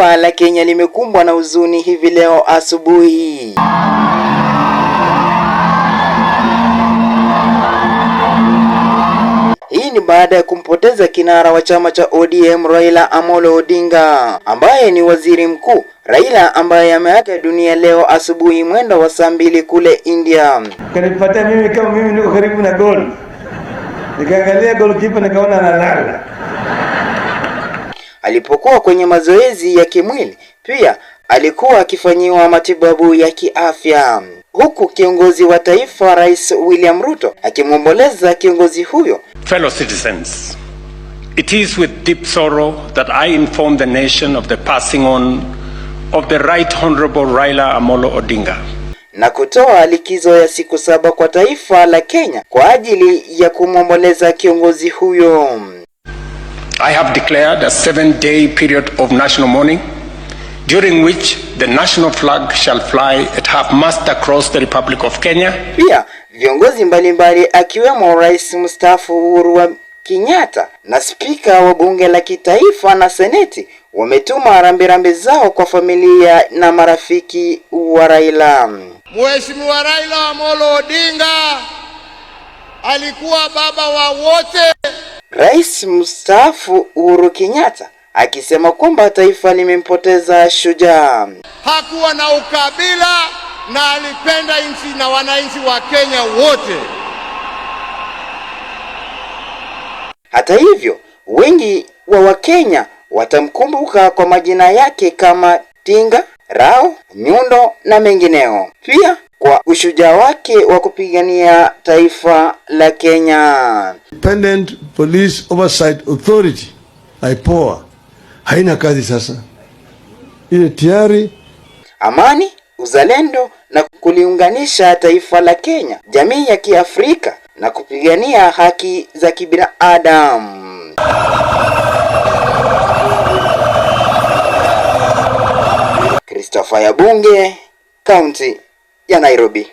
Taifa la Kenya limekumbwa na huzuni hivi leo asubuhi. Hii ni baada ya kumpoteza kinara wa chama cha ODM Raila Amolo Odinga ambaye ni waziri mkuu. Raila ambaye ameaga dunia leo asubuhi mwendo wa saa mbili kule India. Kanifuatia mimi kama mimi niko karibu na goal. Nikaangalia goalkeeper nikaona analala. Alipokuwa kwenye mazoezi ya kimwili, pia alikuwa akifanyiwa matibabu ya kiafya, huku kiongozi wa taifa Rais William Ruto akimwomboleza kiongozi huyo. Fellow citizens, it is with deep sorrow that I inform the nation of the passing on of the right honorable Raila Amolo Odinga na kutoa likizo ya siku saba kwa taifa la Kenya kwa ajili ya kumwomboleza kiongozi huyo. I have declared a seven-day period of national mourning during which the national flag shall fly at half mast across the Republic of Kenya. Pia viongozi mbalimbali akiwemo Rais mstaafu Uhuru wa Kenyatta na spika wa bunge la kitaifa na seneti wametuma rambirambi zao kwa familia na marafiki wa Raila. Mheshimiwa Raila Amolo Odinga alikuwa baba wa wote. Rais mstaafu Uhuru Kenyatta akisema kwamba taifa limempoteza shujaa. Hakuwa na ukabila na alipenda nchi na wananchi wa Kenya wote. Hata hivyo, wengi wa Wakenya watamkumbuka kwa majina yake kama Tinga, Rao, Nyundo na mengineo. Pia kwa ushujaa wake wa kupigania taifa la Kenya. Independent Police Oversight Authority IPOA haina kazi sasa, ile tayari amani, uzalendo na kuliunganisha taifa la Kenya, jamii ya Kiafrika na kupigania haki za kibinadamu. Christopher Yabunge, County ya Nairobi.